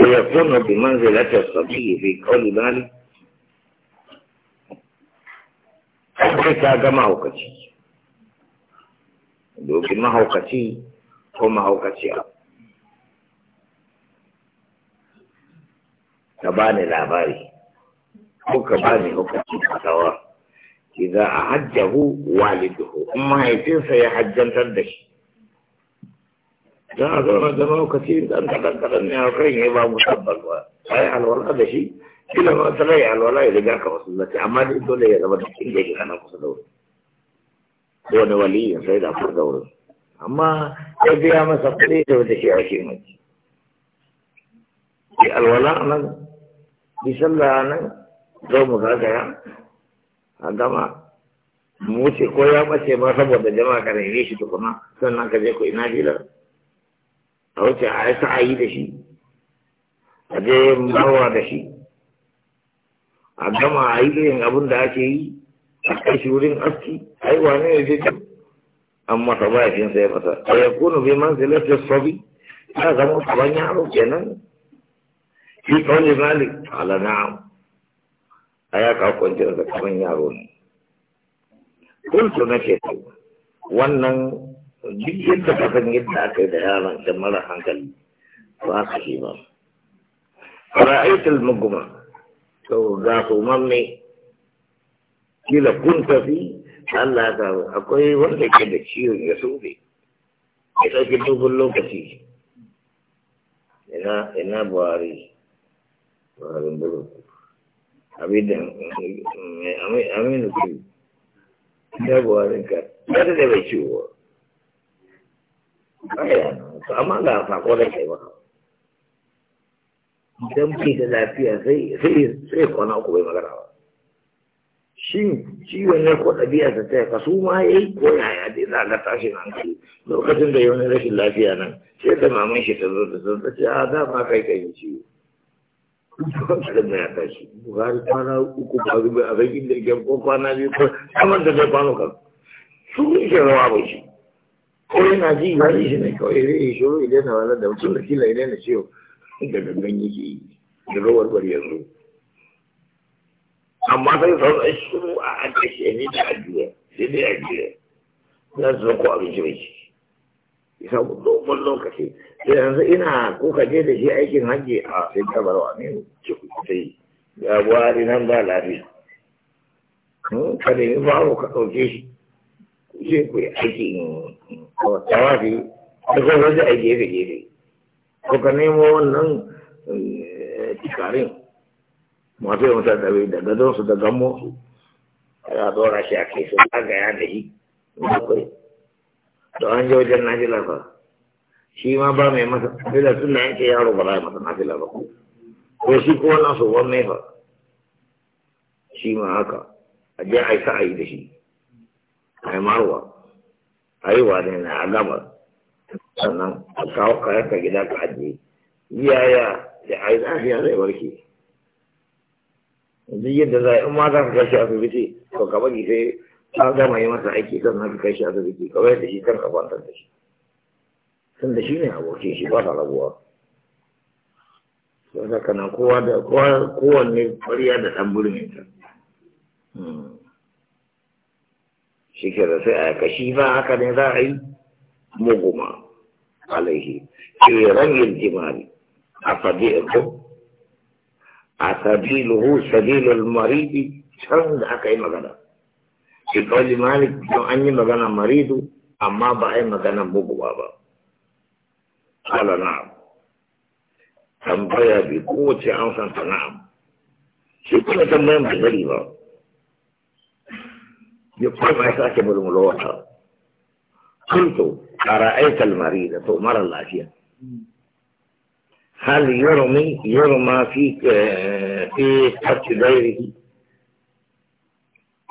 ويكون بمنزلة الصبي في قول مالك sai ka ga mahaukaci domin mahaukaci ko mahaukaci a ka ba ni labari ko ka ba ni hukaci kasawa idan a hajjahu walidahu in mahaifinsa ya hajjantar da shi don a zauna da lokaci dan kadan kadan ne a kan ne ba mu tabbas ba ai alwala da shi kila ma ta rai alwala ya riga ka wasu zaki amma dai dole ya zama da kin da ana kusa da wurin ko wani waliyin sai da kusa da wurin amma ya biya masa kuɗi da wata shi a shi mai ki alwala nan bi sallah nan zo mu zagaya a gama mu wuce ko ya ɓace ma saboda jama'a ka rage shi tukuna sannan ka je ku ina filar a wuce a yi sa'ayi da shi a je marwa da shi a gama a yi irin abin da ake yi a kai shi wurin aski a yi wane ne je can an masa bayafinsa ya masa a ya kuna bai man zilatar sobi ya zama kaban yaro kenan shi kawai malik ala na'am a ya kawo kwanciyar da kaban yaro ne kuntu na ce wannan duk yadda ka san yadda aka yi da yaron da mara hankali ba ka shi ba ra'aitul mugma to ga su mamme kila kun tafi Allah ta akwai wanda ke da ciwon ya sobe ya ɗauki dogon lokaci ina ina buhari buharin bulu abin aminu kiri ina Buhari ka ya da bai ciwo amma ga sako da kai ba idan bai da lafiya sai sai sai kwana uku bai magana ba shi ciwon ne ko ɗabi'a ta taya kasu ma ya yi ko yaya dai za ga tashin hankali lokacin da yau ne rashin lafiya nan sai da mamun shi ta zo da zan ta ce a da ma kai kai ciwo hankalin na ya tashi buhari kwana uku ba zubai a zai inda ko kwana biyu ko kamar da zai kwano kan su ne ke rawa ba shi ko yana ji ya shi ne kawai zai yi idan na da mutum da kila na ciwo da gangan yake yi da rawar bari ya zo amma sai sau da shuru a an kashe ne da ajiya sai dai ajiya na su ko abinci mai isa domin lokaci sai yanzu ina ko ka je da shi aikin hajji a sai ta barwa ne ci sai ya nan ba lafiya hmm, ka nemi ka ɗauke shi sai ku aikin to tawafi da kuma da a gefe gefe ko ka nemo wannan eh, tikarin masu yawan tattabe da gadon su da gammo su ya dora shi a kai su zagaya da shi bakwai to an ji wajen nafila ba shi ma ba mai masa nafila tun da yanke yaro ba za masa nafila ba ko shi ko wani su wani mai ba shi ma haka a je a yi sa'ayi da shi a yi marwa haihuwa ne na a gama sannan a kawo kayan ka gida ka ajiye yaya da a yi lafiya zai warke duk yadda za a in ma za ka kai shi asibiti to ka bari sai ka gama yi masa aiki sannan ka kai shi asibiti ka bayar da shi kan ka kwantar da shi sun da shi ne abokin shi ba sa rabuwa sau da kana kowa da kowanne kwariya da ɗan burminta shi ke da sai a kashi ba haka ne za a yi muguma alaihi ke rangin jimari a sabi'inku a sabi sabiluhu sabilul maridi can da aka yi magana shi kawai malik don an yi magana maridu amma ba a yi magana muguma ba ala na tambaya bi kowace an san sana'a shi kuma tambayan ba zari ba يقول ما يساك بلوم الوطر أنت أرأيت المريض تؤمر الله فيها هل يرمي يرمى فيك آه، في تحت دائره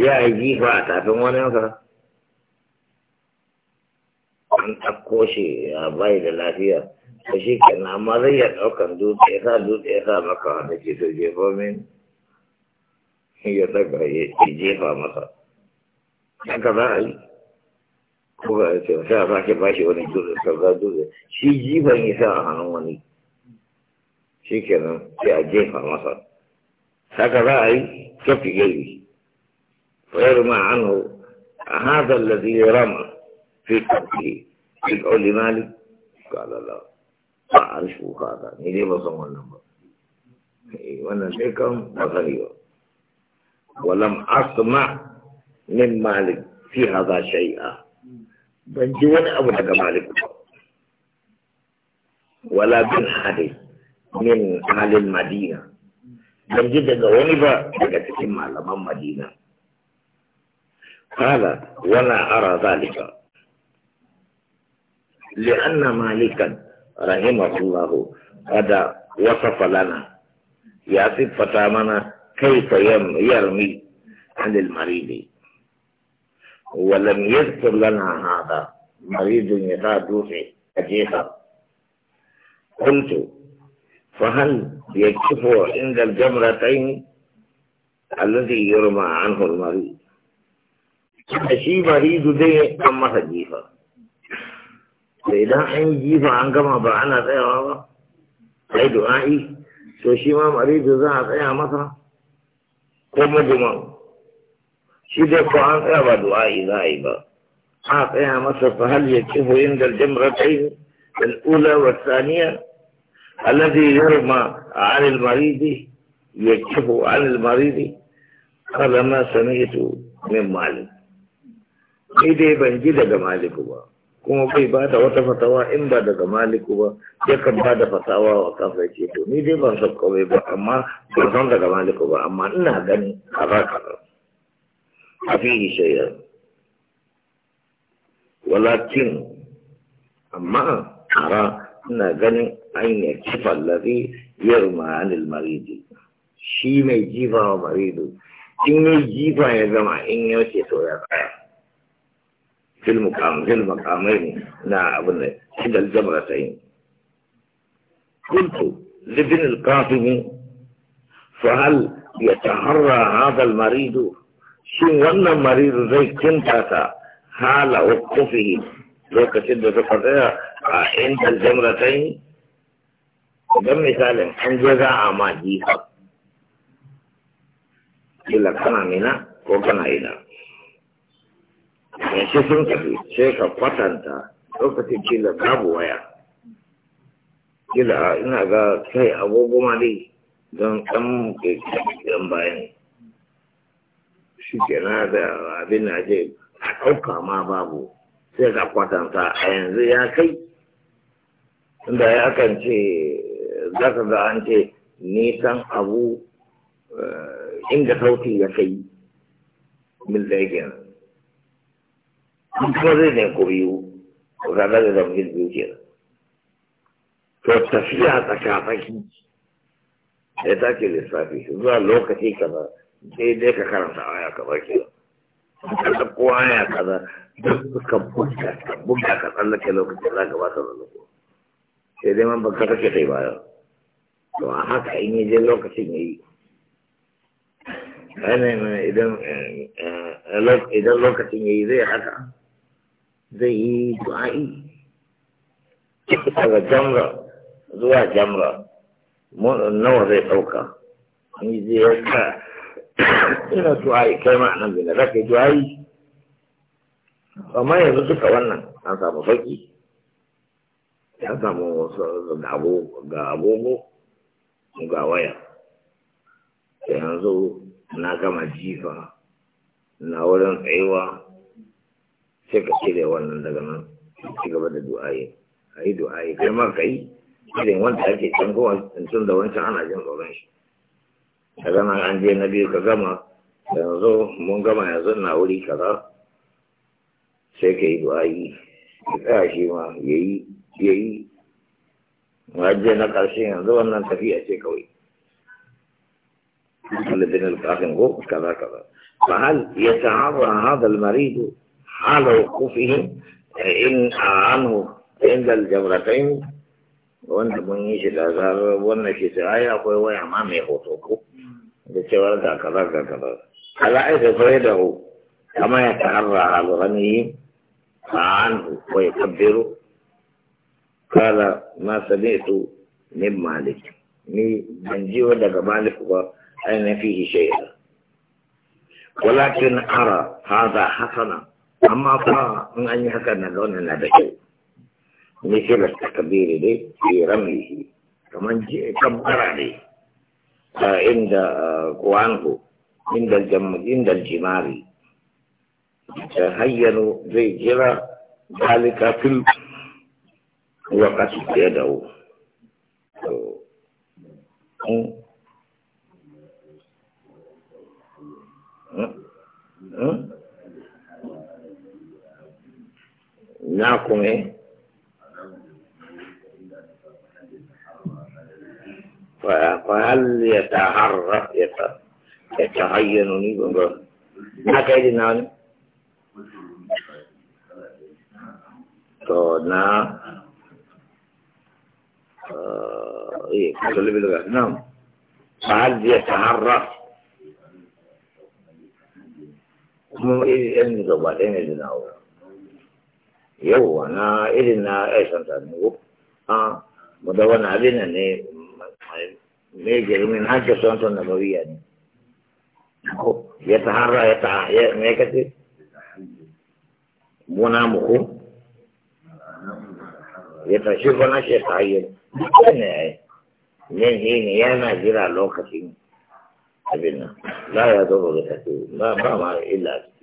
يا أيدي فأتا فمانا يوصر أن أكوشي يا بايد الله فيها أشي كنا مريا أكن دوت إخا دوت إخا مكانك يتجيبه من يتجيبه مكانك haka za a yi ko ga ce sai a sake bashi wani dutse sarga dutse shi jifan ya sa a hannun wani shi kenan sai a jefa masa Saka za a yi kafi gari fayar ma anhu a hadar lazi rama fi kafi fi kauli malik kalala ba a rishu kada ni dai ba san wannan ba eh, wannan sai kan ba sani ba walam asma من مالك في هذا شيء بنجي وين ابو حق مالك ولا بن حالي من اهل المدينه بنجي دغوني با حق مال من مدينه قال ولا ارى ذلك لان مالكا رحمه الله قد وصف لنا يا فتامنا كيف يرمي عن المريض ولم يذكر لنا هذا مريض يراد في أجيها قلت فهل يكشف عند الجمرتين الذي يرمى عنه المريض shi maridu dai an masa jifa da idan an yi jifa an gama ba ana tsayawa ba sai du'a'i to shi ma za a tsaya masa ko majuman سيدكو عن أبد وآي نائبا حاق إيها مصر هل يكيه يندل جمرتين الأولى والثانية الذي يرمى عن المريض يكيه عن المريض قال ما سمعت من مالك إيدي بنجيدة مالك با كما في بعد وتفتوى إن بعد مالك با يكب بعد فتوى وكفتيت إيدي بنصر قوي با أما بنصر مالك با أما إنها غني أغاقر حفيه شيئا ولكن أما أرى أن غني أين يكشف الذي يرمى عن المريض شيء ما يجيب مريض إن يجيب يا جماعة إن يوشي سويا في المقام في المقامين لا أظن إحدى الجمرتين قلت لابن القاسم فهل يتحرى هذا المريض shin wannan mariru zai ta hala wakufihi lokacin da suka tsaya a inda yi don misalin an je za a ma jiha kila kana mina ko kana ina ce sun tafi ce ka kwatanta lokacin kila babu waya kila ina ga abubuwa ne don dai don ɗan bayan shi kenan da abin na je a ɗauka ma babu sai ka kwatanta a yanzu ya kai inda ya kan ce za ka ga an ce nisan abu eh, inda sauti ya kai mil ɗaya kenan in kuma zai ne ko biyu ko ka ga da mil biyu kenan to tafiya tsakafaki ya take lissafi zuwa lokaci kamar sai dai ka karanta aya ka baki ka ɗauko aya ka duk ka buga ka buga ka tsallake lokacin za ka ba ta ko sai dai man baka kake kai baya to a haka in yi je lokacin ya yi eh, eh, eh, idan lokacin ya yi zai haka zai yi du'a'i daga jamra zuwa jamra nawa zai ɗauka in zai ka ina du'a'i kai ma nan zina za ka yi amma yanzu duka wannan an samu sauki ya samu ga agogo ga waya yanzu na gama jifa na wurin tsayuwa sai ka cire wannan daga nan ci gaba da du'a'i a yi du'a'i kai ma ka yi irin wanda ake can kowa tun da wancan ana jin tsoron shi ka zama an je na biyu ka gama yanzu mun gama yanzu na wuri kaza sai ka yi du'ayi ka tsaya shi ma ya yi ya yi na ƙarshe yanzu wannan tafiya ce kawai الذين القاسم هو كذا كذا فهل يتعرى هذا المريض حال وقوفه إن عنه عند الجمرتين وانت من يشي الأزهر وانا شي سعايا اخوي ويا مامي خوتوكو da cewar da kaza da kaza ala ai fare da hu kama ya ta'arra al ghani an wa yakbiru kala ma sami'tu min malik ni ban ji daga malik ba ai na fihi shay'a walakin ara hada hasana amma fa in an yi haka na ga wannan na da kyau مثل التكبير دي في رمله كمان جئ كبرة دي inda kuwanku inda inda jimari ta hayyano zai jira dalika fil wakati da ya na kuma هل يتعرف يتعين نيبا ما كايد نان تونا آه، ايه كل بلغة نعم هل يتعرف مو ايه ان زوباتين يدناو ايه إلنا ايه أنت نقول آه مدوّن علينا نه me jirmin son sanatun nabawiya ne ya tahara ya ta ya me kace muna muku ya ta shi kwana shi ta yi ne ai ne ne yana jira lokacin abin nan la ya zo ga ta ba ba ma illa